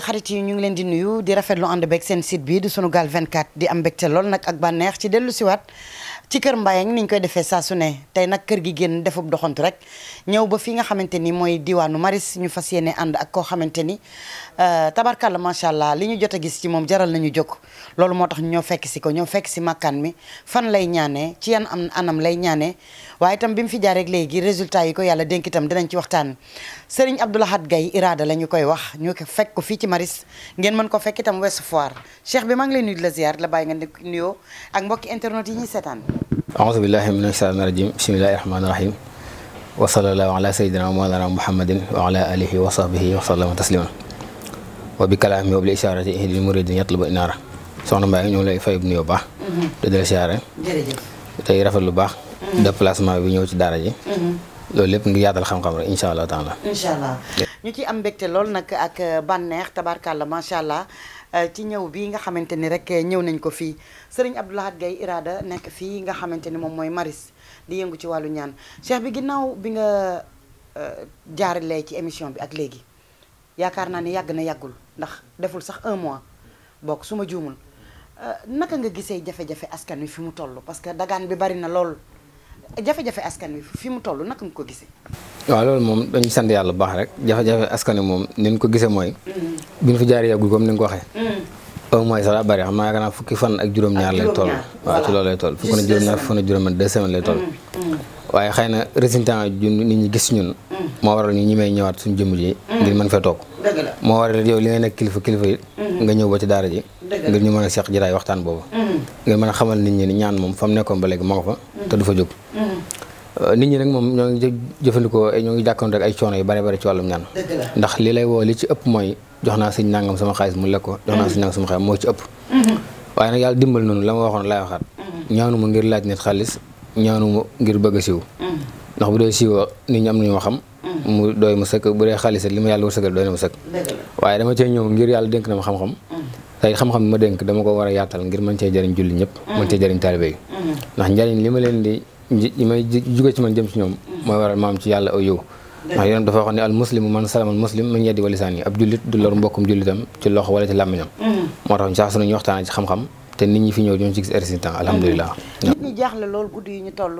xarit yi ñu ngi leen di nuyu di rafetlu ànd beeg seen site bi di gaal Sunugal 24 di am mbégte lool nag ak bànneex ci dellu siwaat ci kër Mbayang ni ñu koy defee saa ne tey nag kër gi génn defub doxantu rek ñëw ba fi nga xamante ni mooy diwaanu Maris ñu fas yéene ànd ak koo xamante ni euh, tabarkàlla macha allah li ñu jot a gis ci moom jaral na nañu jóg loolu moo tax ñoo fekk si ko ñoo fekk si màkkaan mi fan lay ñaanee ci yan am anam lay ñaanee waaye itam bi mu fi jaar rek léegi résultat yi ko yàlla dénk tam dinañ ci waxtaan Serigne Abdou Lahad Gaye Irada la ñu koy wax ñu ko fekk ko fii ci Maris ngeen mën ko fekk itam Ouest Foire Cheikh bi maa ngi lay nuyu di la ziar la bàyyi nga nuyoo ak mbokki internet yi ñuy seetaan aouzu billahi mina shaytaani rajim bismillahi rahmaani rahim wa sallallahu ala sayyidina wa mawlana muhammadin wa ala alihi wa sahbihi wa sallama tasliman wa bi kalaami wa bil isharati ihdil muridin yatlubu inaara soxna Mbaye ñu ngi lay fay bu nuyoo baax te mm-hmm. di la siyaare tey rafet lu baax Mm-hmm. déplacement bi ñëw ci daara ji. Mm-hmm. loolu lépp ngi yaatal xam-xam rek incha allah taala. incha allah ñu ci am mbégte lool nag ak bànneex tabarkàlla macha allah eh, ci ñëw bi nga xamante ni rek ñëw nañ ko fii sëriñ Abdou gay Gaye nekk fii nga xamante ni moom mooy Maris di yëngu ci wàllu ñaan cheikh bi ginnaaw bi nga eh, jaaralee ci émission bi ak léegi yaakaar naa ni yàgg na yàggul ndax deful sax un mois bokk su ma juumul eh, naka nga gisee jafe-jafe askan wi fi mu toll parce que dagaan bari na lool. jafe-jafe askan wi fi mu toll naka nga ko gisee. waaw loolu moom dañuy sant yàlla bu baax rek jafe-jafe askan wi moom ni ñu ko gisee mooy. Mm. bi ñu fi jaar yeegul ni ko waxee. au mm. moins ça va bëri naa gannaaw fukki fan ak juróom-ñaar lay toll. waaw ci loolu lay toll fukki fan ak juróom-ñaar fukki fan ak juróom deux semaines lay toll. Mm, waaye xëy nit ñi gis ñun. moo waral ñu ñi may ñëwaat suñu jëmm ji. ngir mën fee toog. moo waral yow li nga nekk kilifa kilifa yi. nga ñëw ba ci daara ji. ngir ñu mën a seq jiraay waxtaan boobu. ngir mën a xamal nit ñi ñaan moom fa mu nekkoon ba léegi ma nga fa te du fa jóg. Mm-hmm. nit ñi nag moom ñoo ngi jëfandikoo ñoo ngi jàkkoon rek ay coono yu bare bari ci wàllum ñaan ndax li lay woo li ci ëpp mooy jox naa sëñ nangam sama xaalis mu lekk ko jox naa mm-hmm. sëñ nangam sama xaalis moo ci ëpp mm-hmm. waaye nag yàlla dimbal noonu la ma waxoon laay waxaat ñaanuma ngir laaj nit xaalis ñaanuma ngir bëgg a siiw ndax bu dee siiw nit ñi am nañu ma xam mu doy ma sëkk bu dee xaalis li ma yàlla wërsëgal doy na ma sëkk waaye dama cee ñëw ngir yàlla tey xam-xam bi ma dénk dama ko war a yaatal ngir mën cee jëriñ julli ñëpp mm. mën cee jëriñ taalibe yi mm. ndax njëriñ li ma leen di li may jóge ci man jëm ci ñoom mm. mooy waral maam ci yàlla aw yow ndax yoon dafa wax nit ñi fi ñëw ñoom ci gis résultat alhamdulilah nit ñi jaaxle loolu guddi yi ñu toll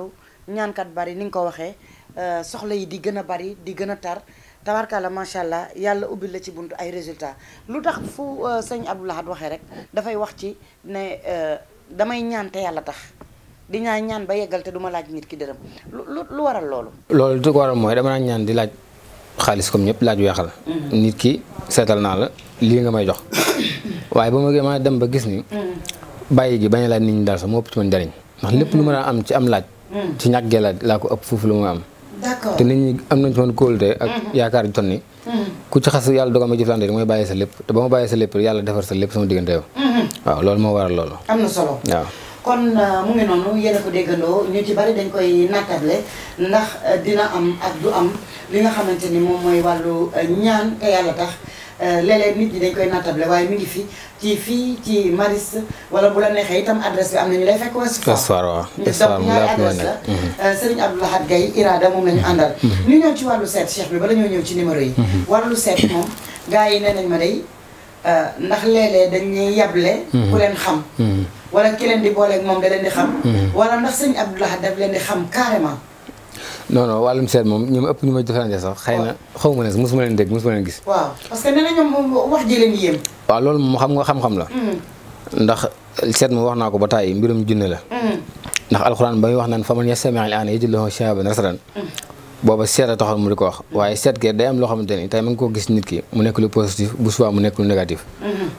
ñaankat bari ni nga ko waxee euh, soxla yi di gën a bari di gën a tar tabarkalla macha allah yàlla ubbi la ci bunt ay résultats lu tax fu euh, sëñ Abdou Lahad waxee rek dafay wax ci ne euh, damay ñaan te yàlla tax di ñaan ba yeggal te du laaj nit ki dërëm lu lu waral loolu. loolu du ko waral mooy dama naa ñaan di laaj xaalis comme ñëpp laaj weexal. Mm-hmm. nit ki seetal naa la lii nga may jox waaye ba ma dem ba gis ni. Mm-hmm. bàyyi gi bañ a laaj nit ñi daal sax moo ëpp ci man ndax lépp lu ma mm-hmm. daan am ci am laaj. ci ñàkk la laa ko ëpp foofu lu ma am. d'accord te nit ñi am nañ ci woon kóolute ak mhm. yaakaar ju ton ni mhm. ku ci xas yàlla dogal ma jëflante rek mooy bàyyi sa lépp te ba ma bàyyi sa lépp yàlla defar sa lépp sama diggante yow mhm. waaw loolu moo waral loolu am na solo waaw kon euh, mu ngi noonu yéen a ko déggandoo ñu ci dañ koy nattable ndax euh, dina am ak du am li nga xamante ni moom mooy wàllu euh, ñaan te yàlla tax Euh, léeg-léeg nit ñi dañ koy nattable waaye mi ngi fi ci fii ci maris wala bu la neexee itam adresse bi am nañu lay fekk Ouest Foire waaw donc ñaari adresse la mhm. euh, Serigne Abdou Lahad Gaye Irada moom lañu mhm. àndal mhm. ñu ñëw ci wàllu seet Cheikh bi bala ñoo ñëw ci numéro yi wàllu seet moom gars yi nee nañ ma day euh, ndax léeg-léeg dañuy yable ku leen xam wala ki leen di booleeg moom da di xam wala ndax Serigne Abdou Lahad daf leen di xam carrément non non wàllum seet moom ñoom ëpp ñu ma jëfandikoo sax xëy na xaw ma ne sax mosuma leen dégg mosuma leen gis. waaw parce loolu moom xam nga xam-xam la. Hmm. ndax seet moom wax naa ko ba tàyyi mbirum junne la. Hmm. ndax alxuraan ba muy wax naan fa man yastami' seet mu di ko wax hmm. waaye seet ge day loo xamante ni tey ma ngi ko gis nit ki mu nekk lu positif bu subaa mu nekk lu négatif.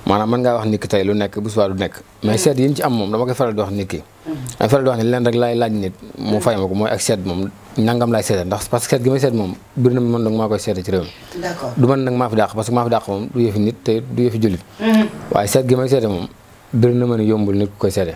maanaam mën ngaa wax nit ki tey lu nekk bu subaa du nekk. mais seet yi ñu ci am moom dama koy faral di wax nit ki ay faral di wax ne leen rek laay laaj nit mu fay ma ko mooy ak seet moom nangam laay seete ndax parce seet gi may seet moom bir mm-hmm. na man yombul nit ku koy seete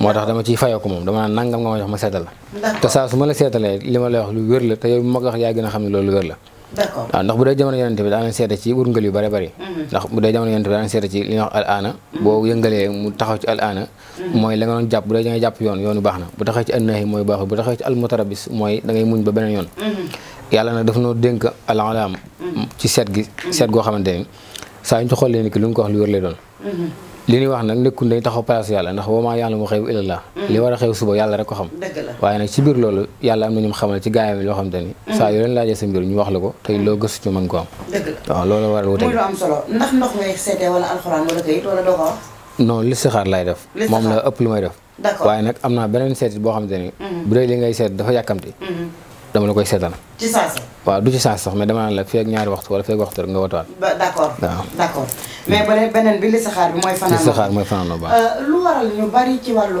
moo tax dama ciy fayoo ko moom dama naan nangam nga ma seetal la te saa su ma la seetalee li ma lay wax lu wér la te yow mi yaa gën a xam ne loolu wér la d'accord waaw ndax bu dee jamono yonente bi daanañ seeta ci wërngal yu bëri bëri mhm. ndax bu dee jamono yonente bi daanañ seeta ci li ñuy wax al mhm. boo yëngalee mu taxaw ci al aana mhm. mooy la nga doon jàpp jàpp yoon yoonu baax na bu taxaw ci annahi mooy baaxul bu taxaw ci al mutarabis da ngay muñ ba beneen yoon yàlla nag daf noo dénk al alam ci seet gi seet goo xamante saa ñu ci xoolee ni lu ko wax lu wér lay doon li ñuy wax nag nekkul day taxaw place yàlla ndax woo maa yàlla mu xew illallah mm. li war a xew suba yàlla rek ko xam waaye nag ci biir loolu yàlla am na ñu xamal ci gaayam yi loo xam mm. saa yoo leen laajee sa ñu wax la ko tey loo gëstu ci mën ko am waaw loolu waral wute muy lu am solo ndax ndox ngay seetee wala alxuraan wala kayit wala doo ko wax non listixaar lay def moom la ëpp lu may def waaye nag am naa beneen seetit boo xam te ni mm. bu dee li ngay seet dafa yàkkamti mm-hmm. dama la koy seetal. ci saa si. waaw du ci saa sax mais dama naan la feeg ñaari waxtu wala feeg waxtu rek nga wataat. ba mais ba beneen bi listixaar bi mooy. fanaanoo listixaar mooy fanaanoo baax. Euh, lu waral ñu bari ci wàllu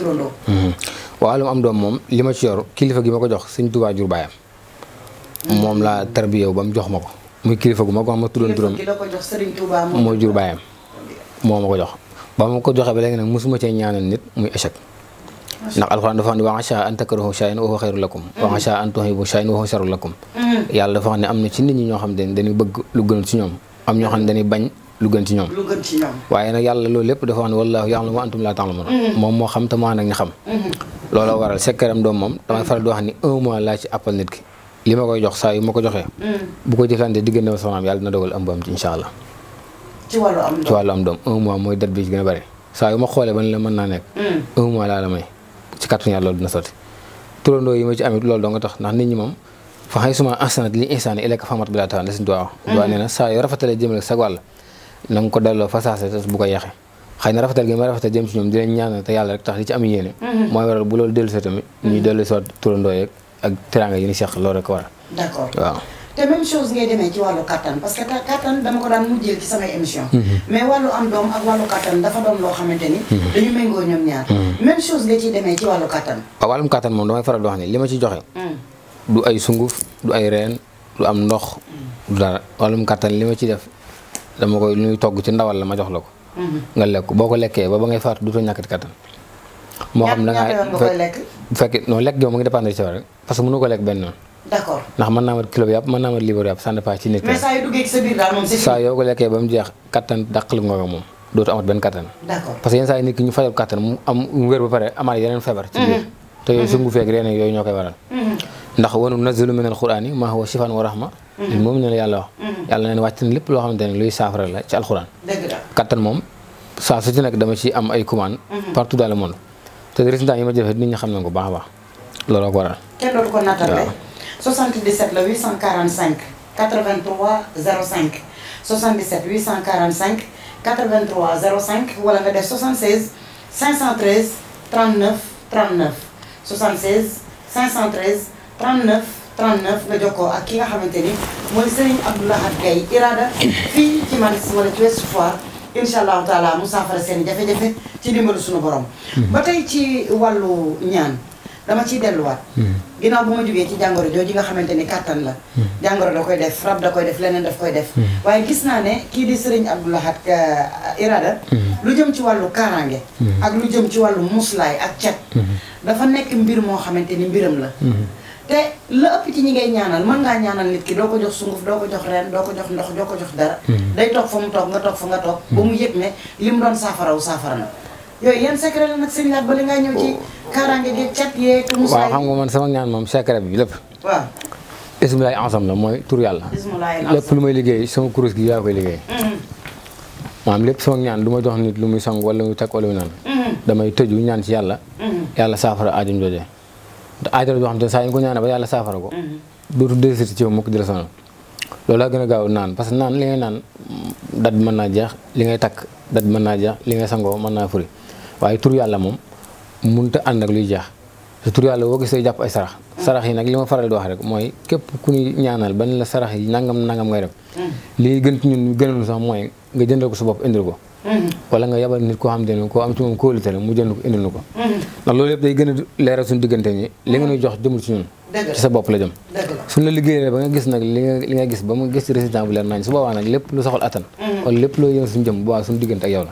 doom lu am doom moom li ma ci yor kilifa gi ma ko jox sëñ Tuubaa jur baayam. Hmm. moom laa tarbiyewu ba mu jox ma ko. muy kilifa gu ma ko xam ma tuddoon turam moo jur baayam moo ma ko jox ba ma ko joxee ba léegi nag mosuma cee ñaanal nit muy échec ndax alxuraan dafa xam ne wa asaa an takrahu shay'an wa huwa khayrun lakum wa asaa an la shay'an wa huwa mm-hmm. yàlla dafa xam ne am na ci nit ñi ñoo xam ne dañuy bëgg lu gën ci ñoom am ñoo xam ne dañuy bañ lu gën ci ñoom waaye nag yàlla loolu lépp dafa wax ne wallaahu ya'lamu wa antum laa ta'lamuun mm-hmm. moom moo xam te moo ànd ak xam mm-hmm. looloo waral sekkaram doom moom damay faral di wax ni laa ci appal nit ki li ma koy jox saa yu ma ko joxee. Mm. bu ko jëflante diggante ma soxnaam yàlla dina dogal am ba am ci incha allah. ci wàllu am doom ci wàllu am doom un mois mooy date bi ci gën a bëri saa yu ma xoolee ba ne la mën naa nekk. Mm. un mois laa la may ci kàttu yàlla loolu yi ma fa xay bi laa taan des duwaa duwaa nee na saa yu rafetalee jëmale sa wàll na nga ko delloo fa saase bu ko yeexee xëy na rafetal gi ma rafetal jëm ci ñoom di leen ñaanal te yàlla rek tax li ci am yéene mm-hmm. ak teraanga yi ñu seq loolu rek war a. waaw. te même chose ngay demee ci wàllu kattan parce que kattan dama ko daan mujjeel ci samay émission mm-hmm. mais wàllu am doom ak wàllu kattan dafa doon loo xamante ni. Mm-hmm. dañu méngoo ñoom ñaar. Mm-hmm. même chose nga ciy demee ci wàllu kattan. wàllum kattan moom damay faral di wax li ma ci joxe. Mm. du ay sunguf du ay reen du am ndox. Mm. du li ma ci def dama koy lu ñuy togg ci ndawal la ma jox la ko. nga lekk boo ko lekkee ba ba ngay faatu duto ñàkkati kattan. moo xam da nga koy bu fekkee noonu lekk gi moom mu ngi dépendre yow rek benn noonu. ndax mën naa mat kilo yàpp mën naa mat libre yàpp ça dépend ci nit. mais saa yoo ko lekkee ba mu jeex kattan dàqal nga ko moom dootu amat benn kattan. d'accord parce que yenn saa yi nit ki ñu fajal kattan mu am mu wér mm-hmm. yooyu mm-hmm. sungu koy waral. Mm-hmm. ndax wa nunazzilu minal qur'ani maa huwa shifaa'un wa rahma lil mu'miniina la yàlla wax yàlla neen wàcc na lépp loo xamante ne luy saafara la ci alxuraan kattan moom saa su ci nekk dama ci am ay commande partout dans le monde te résultat yi ma jëfee nit ñi xam na ko baax a baax looloo ko waral. kenn dootu ko nattale 77 la 845 83 05 77 845 83 05 wala nga def 76 513 39 39 76 513 39 39 nga jokkoo ak ki nga xamante ni mooy Serigne Abdoulaye Gaye Irada fii ci Maristes wala ci Ouest Foire. incha allahu taala mu saafara seen jafe-jafe ci dimbalu suñu borom. Hmm. ba tey ci wàllu ñaan dama ciy delluwaat. Hmm. ginnaaw bu ma jógee ci jàngoro jooju nga xamante ni kàttan la. Hmm. jàngoro da koy def rab da koy def leneen daf koy def. waaye gis naa ne kii di Serigne Abdou Lahad euh, Irada. lu jëm ci wàllu kaaraange. ak lu jëm ci wàllu muslaay ak cet. dafa nekk mbir moo xamante ni mbiram la. te la ëpp ci ñi ngay ñaanal mën ngaa ñaanal nit ki doo ko jox sunguf doo ko jox reen doo ko jox ndox doo ko jox dara hmm. day toog fa mu toog nga toog fa nga toog ba mu yëg ne li mu doon saafaraw saafara na yooyu oh. ñaan moom secret bi lépp waaw mooy tur yàlla lu may liggéey sama kurus gi yaa koy liggéey maanaam hmm. lépp sama ñaan du jox nit lu muy sang wala muy teg wala muy naan hmm. damay tëju ñaan ci yàlla yàlla saafara aajum joojee aajara joo xam te saa yu ko ñaanee ba yàlla saafara ko mm-hmm. dootu desiti ci yow mukk di la loolu laa gën a gaaw naan parce que naan li ngay naan dat man mën naa jeex li ngay takk dat bi mën naa jeex li ngay sangoo mën naa furi waaye tur yàlla moom mënut a ànd ak luy jeex te tur yàlla boo gisee jàpp ay sarax mm-hmm. sarax yi nag li ma faral di wax rek mooy képp ku ñu ñaanal ban la sarax yi nangam nangam ngay def mm-hmm. li gën ci ñun gënal sax mooy nga jëndal ko sa bopp indil ko Mm-hmm. wala nga yabal nit koo xam te ne koo am ci moom kóolute la mu jënd ko indil ko mm-hmm. ndax loolu yëpp day gën a leeral suñu diggante ñi li nga ñuy jox jëmul ci ñun ci sa bopp la jëm suñu la liggéeyee la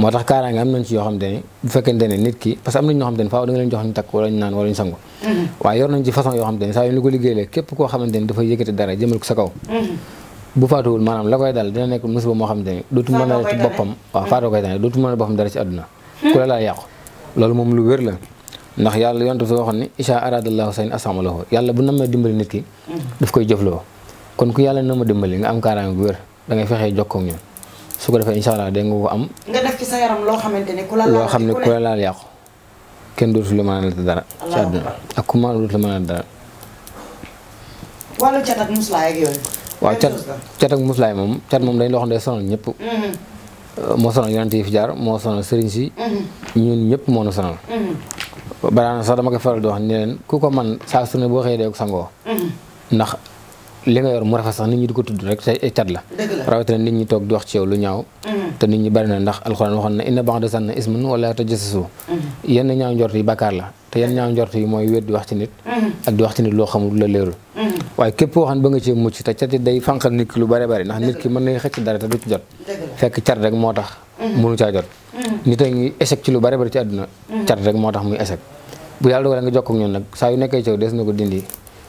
moo tax kaaraange am nañ ci yoo xam te ne bu fekkente ne nit ki parce que am nañ ñoo xam te ne faaw da nga leen jox ñu takk wala ñu naan wala ñu sangu mm-hmm. waaye yor nañ ci façon yoo xam te ne saa yu ñu ko liggéeyee képp koo xamante ne dafay yëkkati dara jëmal ko sa kaw bu faatuwul maanaam la koy dal dina nekk musiba moo xamante ni dootu mën a ci boppam waaw faatoo koy dane a boppam dara ci àdduna hmm. loolu moom lu wér la ndax yàlla yontu fi waxoon ni isha aradallahu sayn asamalahu yàlla bu namee dimbali nit ki hmm. daf koy jëfloo kon ku yàlla na ma dimbali nga am kaaraange gu wér da ngay fexee jokkoo ak su ko defee incha allah dégg nga ko am nga loo ku la xam ne ku la laal kenn dootu la mën a dara ci ak ku mën dootu la mën a dara waaw cat cat ak muslaay moom cat moom dañ loo xam ne sonal ñëpp mhm. moo sonal yonent yi fi moo sonal sëriñ si mhm. ñun ñëpp moo nu sonal mhm. baraana sax dama koy faral di wax ne leen ku ko man saa su ne boo xëyee dee ko sangoo ndax li nga yor mu rafet sax nit ñi di ko tudd rek ay cat la rawatina nit ñi toog di wax ci yow lu ñaaw te nit ñi bari na ndax alxuraan waxoon na inna ba'da zanni ismun wala tajassasu yenn ñaaw njort yi bàkkaar la te yan ñaaw njort yi mooy wér di wax ci nit mhm. ak di wax ci nit loo xamul la leerul mhm. waaye képp koo xam ne ba nga cee mucc te cati day fànqal nit ki lu bare bari ndax nit ki mën na xëcc dara te du ci jot fekk car rek moo tax mhm. mënu a ngi échec lu bare bari ci moo tax muy échec bu yàlla dogalee nga jokk ak ñun nag saa yu nekkee caw des na ko dindi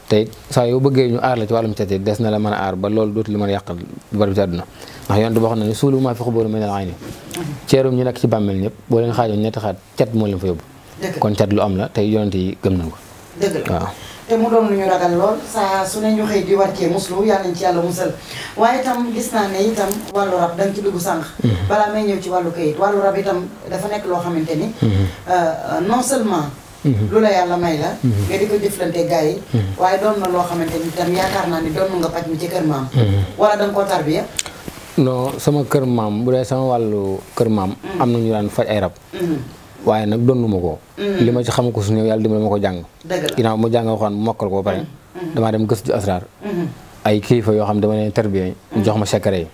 te saa yoo bëggee ñu aar la ci wàllum cat yi des na la mën a aar ba lool dootu li mën a yàqal bari bi ci àdduna ndax yonent boo xam ne ni suulu maa kon cat lu am la te yonent yi gëm nañ ko. dëgg la waaw. te mu doon lu ñu ragal lool saa su ne ñu xëy di war cee muslu yàlla nañ ci yàlla musal waaye itam gis naa ne itam wàllu rab da ci dugg sànq. Mhm. balaa may ñëw ci wàllu kayit wàllu rab itam dafa nekk loo xamante ni. Mhm. Euh, non seulement. Mhm. lu la yàlla may la. nga di ko jëflante gars yi. waaye doon na loo xamante ni itam yaakaar naa ni doon nga paj mi ci kër maam. wala da koo tarbiya. non sama kër maam bu dee sama wàllu kër maam. am na ñu daan waaye nag donnu ma ko. Mm-hmm. li ma ci xam ko su ñëw yàlla dimbali ma ko jàng. ginnaaw mu jàng waxoon mokkal ko ba pare. Mm-hmm. damaa dem gëstu asraar. Mm-hmm. ay kilifa yoo xam dama ne tarbiya ñu jox ma secret yi.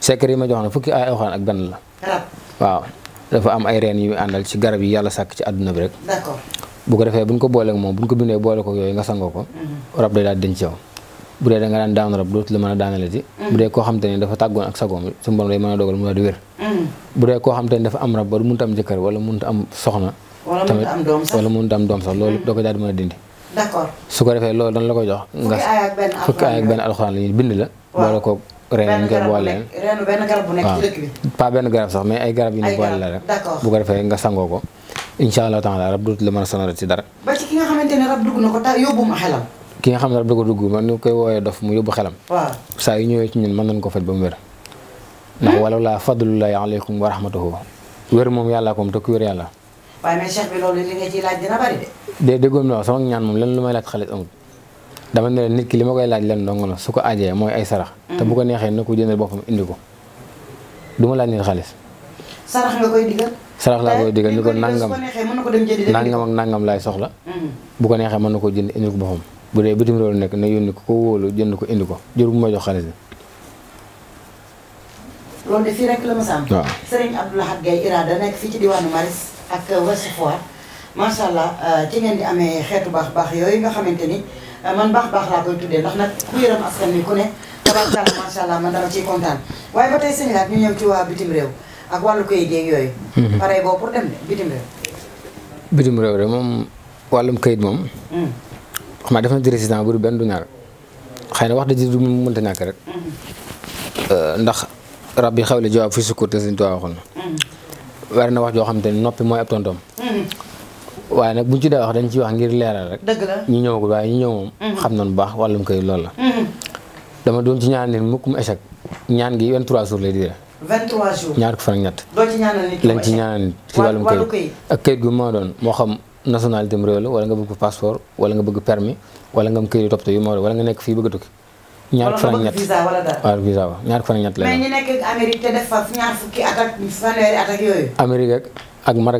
secret yi ma jox na fukki ay waxaan ak benn la. waaw dafa am ay reen yu àndal ci garab yi yàlla sàkk ci àdduna bi rek. bu ko defee buñ ko booleeg moom buñ ko bindee boole ko yooyu nga sangoo ko. rab day daal denc yow. bu dee da nga daan daanu rab dootu la mën a daanalati mm. bu dee koo xam te ne dafa tàggoon ak sagoom suñu borom day mën a dogal mu daal di wér mm. bu dee koo xam te ne dafa am rab ba mënut am jëkkër wala mënut am soxna tamit wala mënut am doom sax loolu mm. doo ko daal mën a dindi su ko defee loolu dañ la koy jox nga fukki aay ak la bind la boole ko reen ñu koy boole leen benn garab sax mais ay garab yu ñu la rek bu ko defee nga sangoo ko incha allah taala rab dootu la mën a sonal ci dara dugg na ko ta yóbbu ma xelam ki nga xam ne rab da ko dugg man ñu koy woowee dof mu yóbbu xelam. waaw saa yu ñëwee ci ñun mën nañ ko faj ba mu wér. ndax wala laa fadlullahi aleykum wa rahmatuhu wér moom yàlla ko te ku wér yàlla. waaye mais cheikh bi de. de déggoon na sama ñaan moom lan lu may laaj xaalis dama ne nit ki li ma koy laaj leen dong na su ko aajee mooy ay sarax. te bu ko neexee na ko jëndal boppam indi ko du ma laaj nit xaalis. sarax nga ko nangam nangam ak nangam laay soxla. Mm-hmm. bu ko neexee mën ko jënd boppam bu dee bitim réew nekk na yónni ko ko wóolu jënd ko indi ko jur bu ma jox xaalis bi. loolu de fii rek la ma sàmm. waaw Serigne Abdou Lahad Gaye Irada nekk fii ci diwaanu Maris ak Ouest Foire macha allah euh, ci ngeen di amee xeetu baax baax yooyu nga xamante ni euh, man baax baax laa koy tuddee ndax nag ku yëram askan wi ku ne tabaarkalla macha allah man dama ciy kontaan waaye ba tey sëñ ñu ñëw ci waa bitim réew ak wàllu kayit yooyu. Mhm. pare boo pour dem de bitim moom wàllum kayit moom. Hmm. xam nga def na ci résistant bu dul benn du ñaar xëy na wax dëgg du mënta ñàkk rek euh, ndax rab yi xaw la jawaab fi sukkur te Sëriñ Tuubaa waxoon na war na wax joo xam te ne noppi mooy ab tontom waaye nag buñ ci daa wax dañ ci wax ngir leeral rek dëgg la ñi ñëwagul waaye ñi ñëw moom mm-hmm. xam nañu bu baax wàllum koy lool la mm-hmm. dama doon ci ñaan nit mukk mu échec ñaan gi 23 jours lay dire 23 jours ñaar ko fan ñett lañ ci ñaanal nit ci wàllum kayit ak kayit gu moo xam nationalité réew la wala nga bëgg passeport wala nga bëgg permis wala nga am këyit toppatoo yu ma wala nga nekk fii bëgg a tukki. ñaar fan ak ñett visa wala dara waaw visa ñett lay mais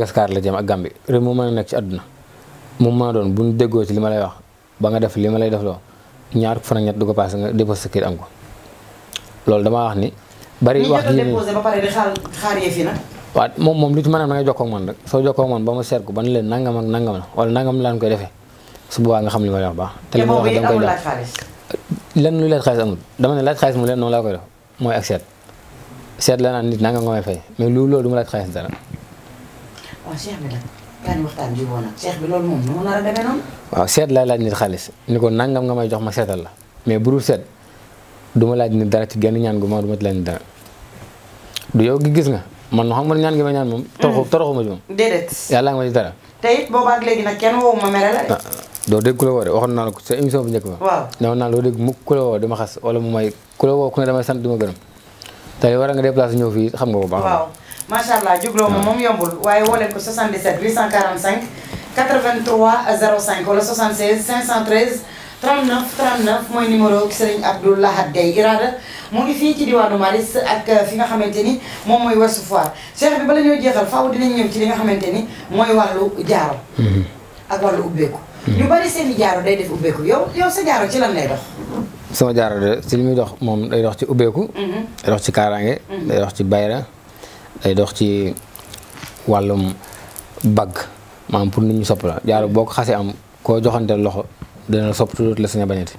ak fanweeri la jëm ak Gambie réew mën a nekk ci àdduna mu mën doon bu déggoo ci li ma lay wax ba nga def li ma lay def ñaar fan du ko passé nga déposé sa këyit am ko loolu damaa wax ni. bari wax yi ba pare di xaar xaar yi nag waaw moom moom li ci mën a na nga jokkoo ak man rek soo jokkoo ak man ba ma seet ko ba ne leen nangam ak nangam la wala nangam laan koy defee su boobaa nga xam li ma wax baax te li ma wax dama koy def lu laaj xaalis dama ne xaalis mu leen noonu laa koy def mooy ak seet la naan nit nangam nga may fay lu loolu ma laaj xaalis a demee noonu seet laa laaj nit xaalis ni ko nangam nga may jox ma seetal la mais bu dul seet du ma laaj nit dara ci genn ñaan gu ma du ma laaj nit dara du yow gis nga man xam nga ñaan gi ma ñaan moom. toroxu mm. ma ci moom. déedéet. yàlla nga ma ci dara. te it boobaag léegi nag kenn woowu ma mere la. Ah, ah, dégg ku de waxoon naa la ko sa émission bu njëkk ba. waaw ne woon naa doo dégg mu ku la di ma xas wala mu may ku la woo ku sant di ma gërëm te war a nga déplacé ñëw fii xam nga ko baax. waaw macha allah jugloo ma ah. moom yombul waaye woo leen ko 77 845 83 05 wala 76 513. 39 39 mooy numéro Serigne Abdou Lahad Gaye Irada mu ngi fii ci diwaanu Maris ak euh, fi nga xamante ni moom mooy Ouest Foire Cheikh bi bala ñoo jeexal faaw dinañ ñëw ci li nga xamante ni mooy wàllu jaaro mhm. ak wàllu ubbeeku mhm. ñu bari seen jaaro day def ubbeeku yow yow sa jaaro ci lan lay dox sama jaaro de ci li muy dox moom day dox ci ubbeeku mhm. day dox ci kaaraange day dox ci bayra day dox ci wàllum bagg maanaam pour nit ñu sopp la jaaro boo ko xasee am koo joxante loxo dana la sopp tuuti la sañ a bañati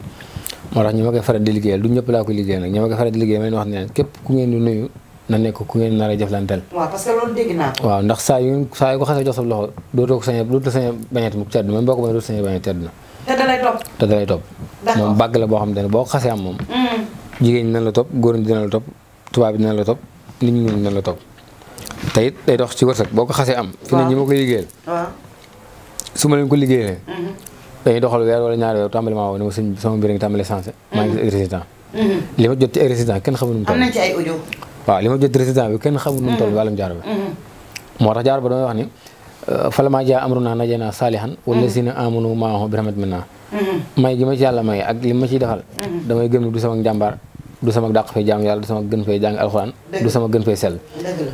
moo tax ñi ma koy faral di liggéeyal du ñëpp laa koy liggéeyal nag ñi ma koy faral wax ne képp ku ngeen di nuyu na nekk ku ngeen nar a jëflanteel. waaw parce que loolu dégg naa ko. waaw ndax saa yu loxo dootoo ko sañ a dootoo sañ a bañati mu tedd même boo ko bañ dootoo sañ bañati tedd na. te te dalay topp. moom bàgg la boo xam ne boo ko xasee am moom. Mm. jigéen ñi dina la topp góor ñi dina la topp na la topp nit ñi dina la topp te it day dox ci wërsëg boo ko xasee am. fi ne ñi ma ko liggéeyal. su ma leen ko liggéeyee mm-hmm. dañuy doxal weer wala ñaari weer tàmbali maa woo ma sëñ sama mbir ngi tàmbali sensé résident mm-hmm. li ma jot ci ay résident kenn xamul nu mu na ci ay audio waaw li ma jot résident bi mm-hmm. mm-hmm. moo tax jaaro ba damay wax ni euh, falamaa jaa amrunaa najjaynaa saalihan wallaziina aamanuu ma'ahu bi rahmatin minnaa may ma ci yàlla may ak li ma ciy defal damay gëm du sama njàmbaar du sama dàq fee jaam yàlla du sama gën fee jàng alxuraan du sama gën fee sell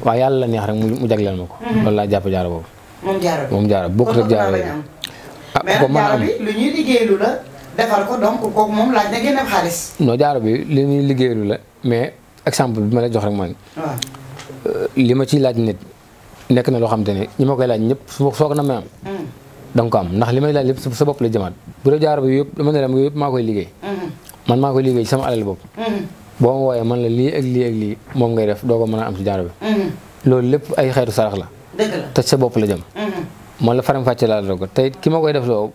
waaye yàlla la neex rek mu jagleel ma ko loolu laa jàpp jaaro boobu moom jaaro bokkut ak jaaro Ah, mais nag jaaro lu la defar ko donc kooku moom laaj na génne xaalis. non jaaro bi li ñuy liggéeylu la mais exemple bi ma la jox rek man. Euh, li ma ciy laaj nit nekk na loo xam te ne ñi ma koy laaj ñëpp foog na ma am. Hmm. da nga ko am ndax li may laaj lépp sa bopp la jëmaat bu dee jaaro bi yëpp dama ne la yëpp maa koy liggéey. Hmm. man maa koy liggéey sama alal bopp. Hmm. boo ma man la lii ak lii ak moom ngay def doo ko mën a am ci jaaro bi. loolu lépp ay xeetu sarax la. la te sa bopp la jëm. moom la faram fàcce laa dogal tey ki ma koy def loo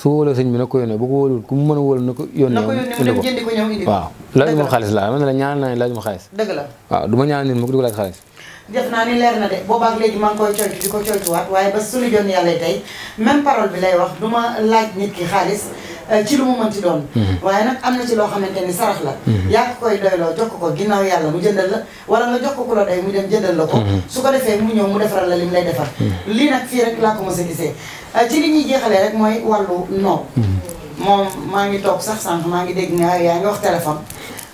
su wóoloo sëñ bi na ko yónnee bu ko wóolul ku mu mën a wóolu na ko yónnee ko waaw laaju ma xaalis laa man ne la ñaan naa ne laaju ma xaalis dëgg la waaw du ma nit mu ko du laaj xaalis def naa ni leer na de boobaak léegi maa koy coytu di ko coytuwaat waaye ba suñu joon yàlla tey même parole bi lay wax du laaj nit ki xaalis Euh, ci lu mu mënti doon mhm. waaye nag am na ci loo xamante ni sarax la mhm. yaa ko koy doyloo jox ko ginnaaw yàlla mu jëndal la wala nga jox ko ku la doy mu dem jëndal la ko mhm. su ko defee mu ñëw mu defaral la li mu lay defar lii nag fii rek laa ko mos a gisee euh, ci li ñuy jeexalee rek mooy wallu noob moom maa ngi toog sax sànq maa ngi dégg ne yaa ngi wax téléphone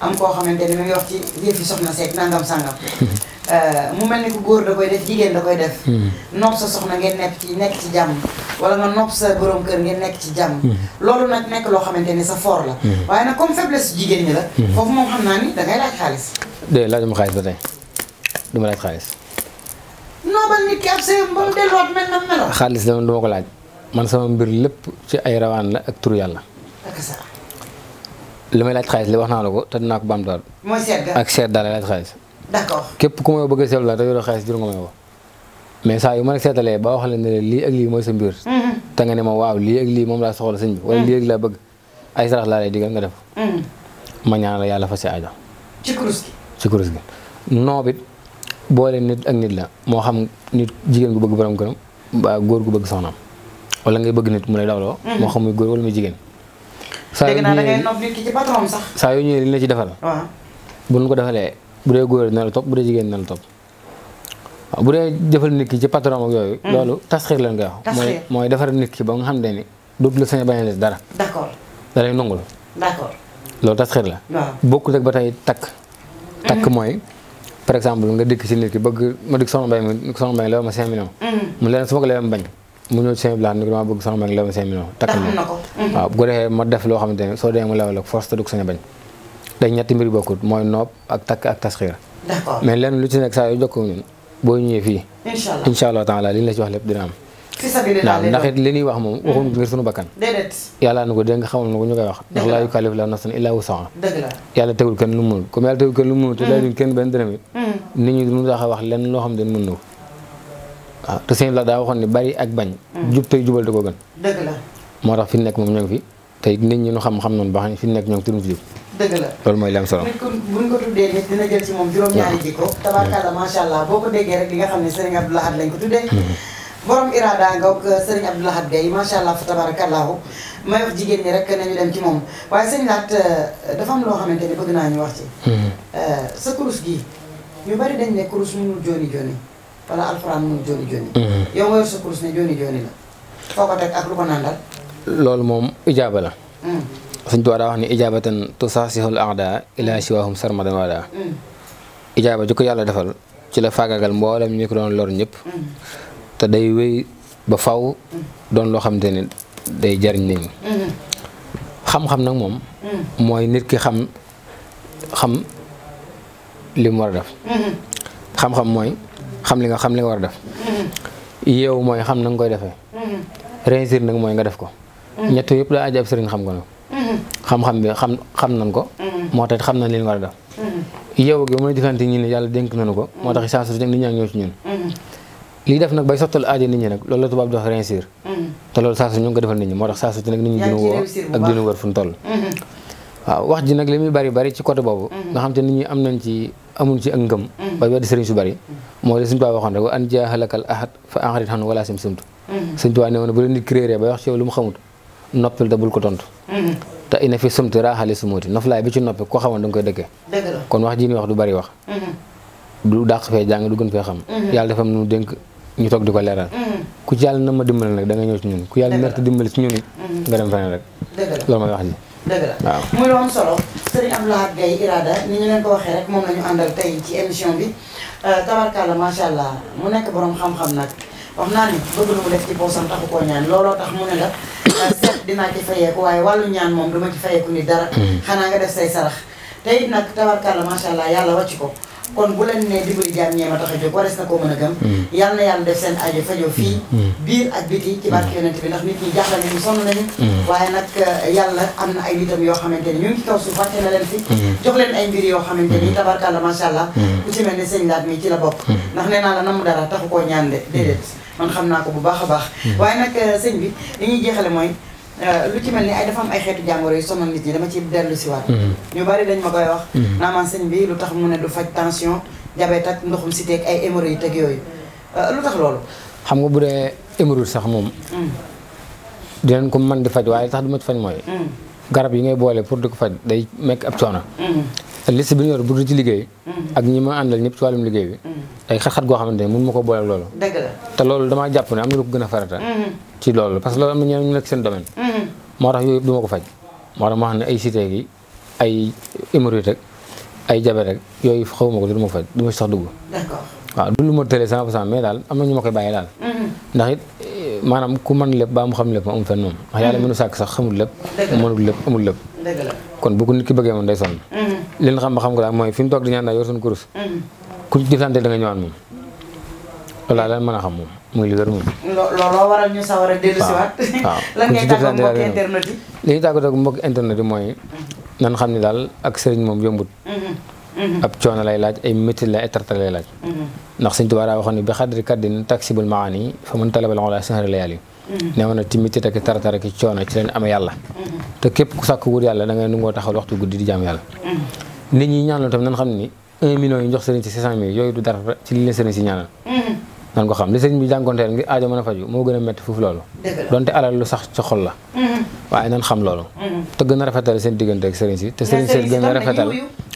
am koo xamante ni mu ngi wax ci fi yi na seet nangam sàngam Euh, mu mel ni ko góor da koy def jigéen da koy def. Hmm. nopp sa soxna ngeen nekk ci nekk ci jàmm. wala nga nopp sa borom kër ngeen nekk ci jàmm. Hmm. loolu nag nekk loo xamante ni sa fort la. Hmm. waaye nag comme faiblesse jigéen ñi la. foofu moom xam naa ni da laaj xaalis. déedéet laajuma ma xaalis. noobal nit ki ab sëyam ba mu delluwaat xaalis dama du ko laaj man sama mbir lépp ci ay rawaan la ak turu yàlla. ak sa. li may laaj xaalis li wax naa la ko te dinaa ko baamtaal. mooy seet ga ak d'accord képp ku may bëgg a seetlu te yoroo xaalis jur mais saa yu ma la ba wax ne ak lii mooy sa mbir. Mm-hmm. te nga ne ma waaw lii ak moom laa soxla sëñ bi. wala lii ak laa bëgg ay sarax def. Mm-hmm. ma ñaan la yàlla ci kurus gi nit ak nit la moo xam nit jigéen gu bëgg borom këram ba góor gu bëgg wala ngay bëgg nit mu lay dawloo. Mm-hmm. moo jigéen. saa saa yu ñëwee ci defal. bu ñu ko defalee bu dee góor na la bu dee jigéen na la waaw bu dee defal nit ki ci patron ak yooyu. Hmm. loolu tasxiir lan nga wax. mooy mooy defar nit ki ba nga xam ne ni dootu la sañ bañ a des dara. d'accord da lay loolu tasxiir la. waaw bokkul ba tey takk. takk hmm. mooy par exemple nga dikk ci nit bëgg ma dikk mbay mi soxna mbay la ma 5 millions. Hmm. mu leen su ma ko leen bañ. mu ñëw seen bilan la ma 5 millions. takk na ko waaw bu ko defee ma def loo xamante ne soo demee mu lewal ak force te du ko bañ. day ñetti mbir bokkut mooy noob ak takk ak tasxiir d'accord mais lenn lu ci nekk saa yoo jokkoo ñun boo ñëwee fii incha allah taala li ñu la ci wax lépp dina am waaw ndax it li ñuy wax moom waxuñu mm. ngir suñu bakkan yàlla na ko dégg nga xamal na ko ñu koy wax ndax laa yukallifu laahu nafsan illaa wusahaa yàlla tegul kenn lu mënul comme yàlla tegul kenn lu mënul te mm. laa duñ kenn benn dërëm it mm. nit ñi duñu tax a wax lenn loo xam ne mën na ko waaw te seen la daa waxoon ne da ko gën moo tax fi nekk moom ñoo ngi fi te nit ñi ñu xam xam noonu baax fi dëgg la loolu mooy la am solo nit ku buñ ko tuddee nit dina jël ci moom juróom-ñaari jikko tabarkàlla macha allah boo ko déggee rek li nga xam ne Serigne Abdou Lahad lañ ko tuddee mm-hmm. borom irada nga euh, Serigne Abdou Lahad Gaye macha allah fa tabarakallaahu may wax jigéen ñi rek nañu dem ci moom waaye sëñ Laat euh, dafa am loo xamante ni bëgg naa ñu wax ci mm-hmm. euh, sa kurus gi ñu bari dañ ne kurus mënul jooni jooni wala alxuraan mënul jooni jooni mm-hmm. yow nga yor sa kurus ne loolu moom ijaaba la mm. suñ tuwaa daa wax ni ijaabatan tusaasihul aada ilaa siwaahum sarmadan waada mm. ijaaba ju ko yàlla defal ci la faagagal mboolem ñu ko doon loolu ñëpp mm. te day wéy ba faw mm. doon loo xamante ni day jariñ nit ñi xam-xam nag moom mooy nit ki xam xam li mu war a def xam-xam mooy xam li nga xam li nga war a def yeewu mooy xam na koy defee réussir nag mooy nga def ko ñett yëpp daa aji ab sëriñ xam ko nag xam-xam bi xam xam nañ ko. Mm-hmm. moo tax xam nañ li ñu war a def. Mm-hmm. yow gi mooy diggante ñi ne yàlla dénk nañu ko. Mm-hmm. moo tax saa su nekk nit ñaa ñëw ci ñun. lii def nag bay sottal aajo nit ñi nag loolu la tubaab di wax réussir. te loolu saa su ñu ngi ko defal nit ñi moo tax saa su nekk nit ñi dina woo ak dina wër fu ñu toll. waaw wax ji nag li muy bari bari am nañ ci amuñ ci ak ngëm. ba weddi sëriñ su bari. mooy li suñu waxoon rek wa an jaaxalakal ahad fa enxarit xanu wala sim simtu. suñu tubaab ne bu leen nit créer bay wax ci yow lu da bul ko te ina fi sumti raaxali sumuuti noflaay bi ci noppi ko xamoon da nga koy dëkkee kon wax ji ñuy wax du bari wax mhm. du dàq fee jàng du gën fee xam mhm. yàlla dafa am nu dénk ñu toog di ko leeral mhm. ku ci yàlla na ma dimbali nag da nga ñëw ci ñun ku yàlla merte dimbali ci ñun nga dem feneen rek loolu mooy wax ji muy loon solo sëriñ Abdou Lahad Gaye Irada ni ñu leen ko waxee rek moom la àndal tey ci émission bi euh, tabarkalla macha allah mu nekk borom xam-xam nag wax naa ni set dinaa ci fayeeku waaye wàllu ñaan moom duma ci fayeeku ni dara hmm. xanaa nga def say sarax te it nag tabarkàlla macha allah yàlla wàcc ko kon bu leen ne dimbali jaam ñee ma tax a jóg wares na koo mën a gëm hmm. yàlla na yàlla def seen aajo fajoo fii hmm. biir ak biti ci barke yonent eh, na ay nitam yoo xamante ni ñu ngi ci ni tabarkàlla macha allah ku ci mel ne sëñ laat mi la bokk ndax nee naa la namu dara taxu koo ñaan de déedéet man xam naa ko bu baax a baax waaye nag eh, sëñ bi li ñuy jeexale mooy Euh, lu ci mel ni ay dafa am ay xeetu jàngoro yu sonal nit ñi dama ci dellu si waat mm-hmm. ñu bari dañ ma koy wax naa man bi lu tax mu ne du faj tension diabète ak ndoxum si teg ay hémorroïdes ak yooyu euh, lu tax loolu xam nga bu dee hémorroïde sax moom mm. dinañ ko man di faj waaye tax du ma ci faj mooy mm. garab yi ngay boole pour di ko faj day mekk ab coono mm. liste bi ñu yor bu dul ci liggéey. Mm-hmm. ak ñi ma àndal ñëpp ci wàllum liggéey bi. ay mm-hmm. goo xamante ne mun ma ko boole loolu. loolu damaa jàpp ne am na lu ko gën a farata. Mm-hmm. ci que loolu am na ñeneen ñu nekk seen domaine. moo tax yooyu yëpp ko faj. moo tax ma xam ne ay cité gi ay xaw ma ko du ma ko faj du sax dugg. waaw du lu ma tëlee 100% mais daal am na ma koy bàyyi daal. ndax it eh, maanaam ku mën lépp ba mu xam lépp ma amul fenn moom. wax yàlla mënu sàkk sax xamul lépp. mënul lépp amul lépp kon bu ko nit ki bëggee moom day sonn. Mm-hmm. li nga xam ba xam ko daal mooy fi mu toog di ñaan daal yor suñu kurus. Mm-hmm. ku jëflante da nga ñëwaat moom. walla lan mën a xam moom muy li wér moom. looloo waral a dellusiwaat. waaw lan ngay tàggatoo mbokki internet yi. li internet yi mooy. Mm-hmm. nan xam ni daal ak sëriñ moom yombut. ab coono lay laaj ay métti la ay tartal lay laaj. ndax sëñ Tuubaa a waxoon ne bi xadri kaddin taksibul maani fa mun talabal la layali. ne woon na ci métti ak tartar ak ci leen amee yàlla. te képp ku sàkk wut yàlla da ngay nangoo taxawal waxtu guddi di jaam yàlla nit ñi ñaanal tamit nan xam ni 1 million yi jox sëriñ si 600 mille yooyu du dara ci li leen sëriñ si ñaanal nan ko xam li sëriñ bi jànkonteel ngir aajo mën a faju moo gën a métti foofu loolu donte alal lu sax ci xol la waaye nan xam loolu te gën a rafetal seen diggante ak sëriñ si te sëriñ si gën a rafetal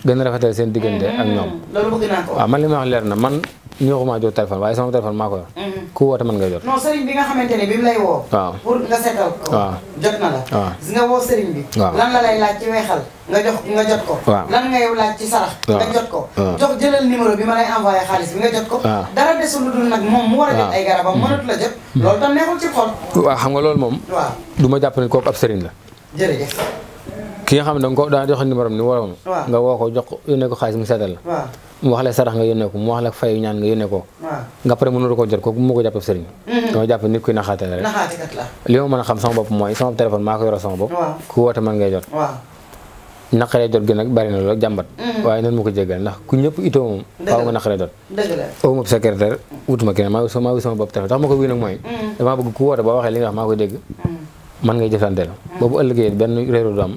gën a rafetal seen diggante ak ñoom mm-hmm. Mm-hmm. waaw man li ma wax leer na man ñu waxuma jot téléphone waaye sama téléphone maa ko yor. Mm-hmm. ku woote mën nga jot. non sëriñ bi nga xamante ne bi mu lay woo. waaw pour nga seetal jot na la. nga woo sëriñ bi. lan la lay laaj ci weexal nga jot ko. lan nga yow laaj ci sarax. nga jot ko. jox jëlal numéro bi ma lay envoyé xaalis bi nga jot ko. dara desul lu dul nag moom mu war a jot ay garabam mm-hmm. mënatu la jot. Mm-hmm. loolu tam neexul ci xol. waaw xam nga loolu moom. du ma jàpp ne kooku ab sëriñ la. jërëjëf. ki nga xam ne danga ko daan joxe numéro ni waroon nga woo ko jox yónnee ko xaalis mu seetal la mu wax la sarax nga yónnee ko mu wax la fayu ñaan nga yónnee ko nga pare mënul ko jot kooku ko jàppee sëriñ mm-hmm. dama jàpp nit kuy naxaate la a xam sama bopp mooy sama téléphone maa ko yoro sama bopp ku woote mën ngay jot naqaree jot gi nag bari na lool jàmbat mm-hmm. waaye nan ma ko jéggal ndax ku ñëpp itoo moom faaw nga naqaree jot aw ma secrétaire wutuma keneen maa maa wi sama bopp téléphone tax ma ko wii nag mooy mm-hmm. damaa bëgg ku woote boo waxee li nga wax maa koy dégg man ngay jëflanteel boobu ëllëgee benn réeru du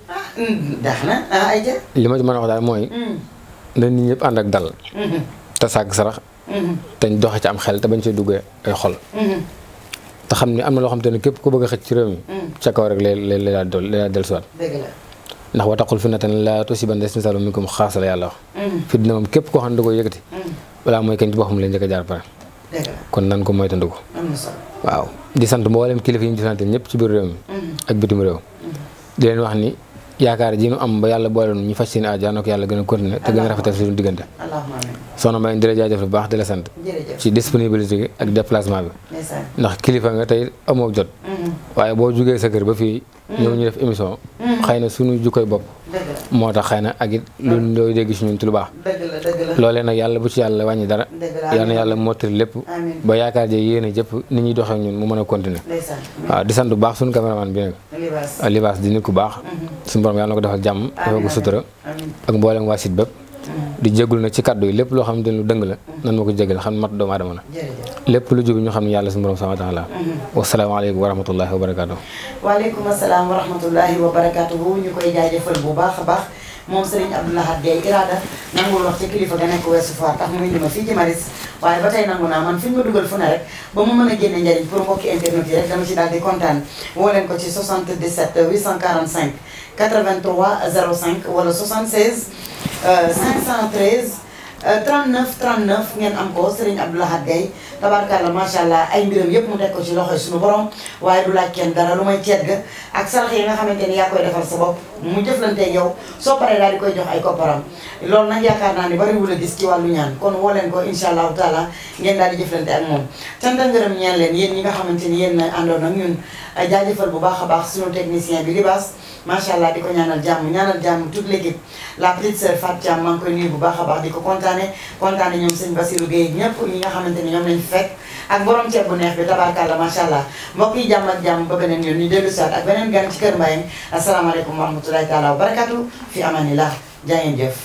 dex ah, li ma ci mën a wax daal mooy. Hmm. na nit ñëpp ànd ak dal. Hmm. te sàgg sarax. Hmm. te doxe ci am xel te bañ see duggee ay xol. te xam ne am na loo xam te ne képp ku bëgg a xëcc ci réew mi. ca kaw rek lay lay lay daal dool lay taxul fi dëgg la. ndax wa taqul fitnatan laa tusiibanna llaziina zalamu minkum xaassa la yàlla wax. fitna moom képp koo xam ne da koy yëkkati. balaa mooy kañ ci boppam lañ njëkk a jaar pare. kon nan ko moytandiku. am waaw di sant mboolem kilifa yi ñu di sant ñëpp ci biir réew mi. yaakaar ji nu am ba yàlla boole ñu fas yéene àjjana ko yàlla gën a continuer te gën a rafetal suñu diggante soxna May di la jaajëf bu baax di la ci disponibilité bi ak déplacement bi ndax kilifa nga tey amoo jot mm-hmm. waaye boo jugee sa kër ba fii mm-hmm. ñëw ñu def émission mm-hmm. xëy na suñu jukkoy bopp moo tax xëy na ak it lu looy dégg si ñun ci lu baax loole nag yàlla bu ci yàlla wàññi dara yal yàlla mottali lépp ba yaakaar ji yéene jëpp ni ñuy doxee ñun mu mën a continuer waaw di suñu borom yàlla na ko defal jàmm defal ko sutura ak mboolem waa sit bépp di jégalu na ci kaddu yi lépp loo xam ne lu dëng la nan ma ko jégal xam mat doomu aadama la lépp lu jub ñu xam ne yàlla suñu borom sama taala wasalaamaaleykum wa rahmatullahi wa barakaatu waaleykum asalaam wa rahmatullahi wa ñu koy jaajëfal bu baax a baax moom Serigne Abdou Lahad Gaye iraada nangul wax ca kilifa ga nekk weesu foir tax mu indi ma fii ci waaye ba tey nangu naa man fi ñu ma dugal fu ne rek ba mu mën a génne njariñ pour mbokki internet yi rek dama ci daal di kontaan woo leen ko ci 77 845 83 05 wala 76 513 euh, 39 eh, 39 ngeen am ko Serigne Abdou Lahad Gaye tabarkalla macha allah ay mbiram yëpp mu teg ko ci loxoy suñu borom waaye du laaj kenn dara lu may ceet ak sarax yi nga xamante ni yaa koy defal sa bopp mu jëflanteeg yow soo paree daal di koy jox ay kopparam loolu nag yaakaar naa ni bariwul a gis ci wàllu ñaan kon woo leen ko incha allahu taala ngeen daal di jëflante ak moom cant ak ngërëm ñeen leen yéen ñi nga xamante ni yéen àndoon ak eh, di ko ñaanal a baax di kontaane kontaane ñoom sëñ Bassirou Guèye ñëpp ñi nga xamante ni ñoom lañ fekk ak borom ceeb bu neex bi tabarkàlla macha allah mbokk yi jàmm ak jàmm ba beneen yoon ñu dellu saat ak beneen gan ci kër Mbayang asalaamaaleykum am rahmatulahi taala wa barakatu fi amanillah jaa ngeen jëf